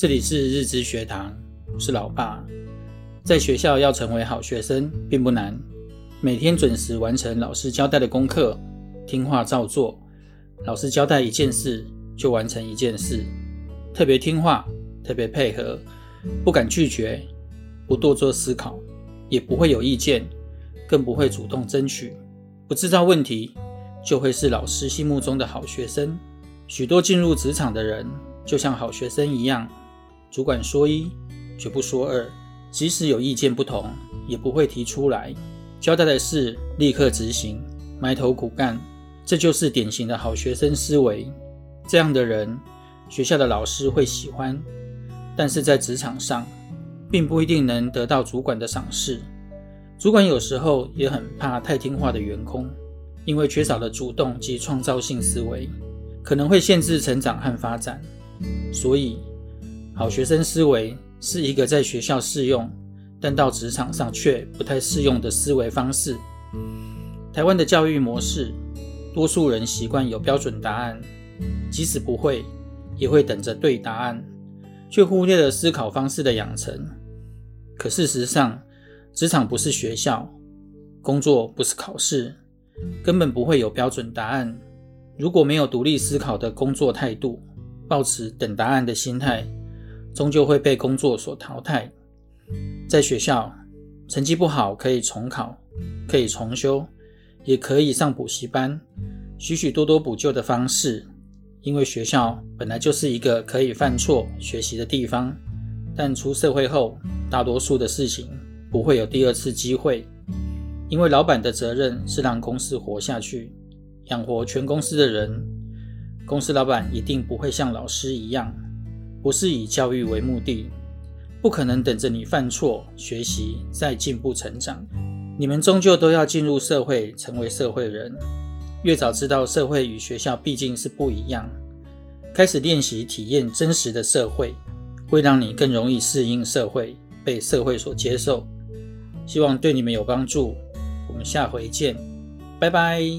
這裡是日知學堂，我是老爸。在學校要成為好學生並不難，每天準時完成老師交代的功課，聽話照做，老師交代一件事，就完成一件事，特別聽話，特別配合，不敢拒絕，不多做思考，也不會有意見，更不會主動爭取，不制造問題，就會是老師心目中的好學生。許多進入職場的人，就像好學生一樣。主管說一，絕不說二；即使有意見不同，也不會提出來。交代的事立刻執行，埋頭苦幹，這就是典型的好學生思維。這樣的人，學校的老師會喜歡，但是在職場上，並不一定能得到主管的賞識。主管有時候也很怕太聽話的員工，因為缺少了主動及創造性思維，可能會限制成長和發展。所以，好學生思維是一個在學校適用，但到職場上卻不太適用的思維方式。台灣的教育模式，多數人習慣有標準答案，即使不會，也會等着對答案，卻忽略了思考方式的養成。可事實上，職場不是學校，工作不是考試，根本不會有標準答案。如果沒有獨立思考的工作態度，抱持等答案的心態。終究會被工作所淘汰。在學校，成績不好可以重考，可以重修，也可以上補習班，許許多多補救的方式。因為學校本來就是一個可以犯錯學習的地方，但出社會後，大多數的事情不會有第二次機會，因為老闆的責任是讓公司活下去，養活全公司的人。公司老闆一定不會像老師一樣。不是以教育為目的，不可能等着你犯錯學習再進步成長。你們終究都要進入社會，成為社會人。越早知道社會與學校畢竟是不一樣，開始練習體驗真實的社會，會讓你更容易適應社會，被社會所接受。希望對你們有幫助。我們下回見，拜拜。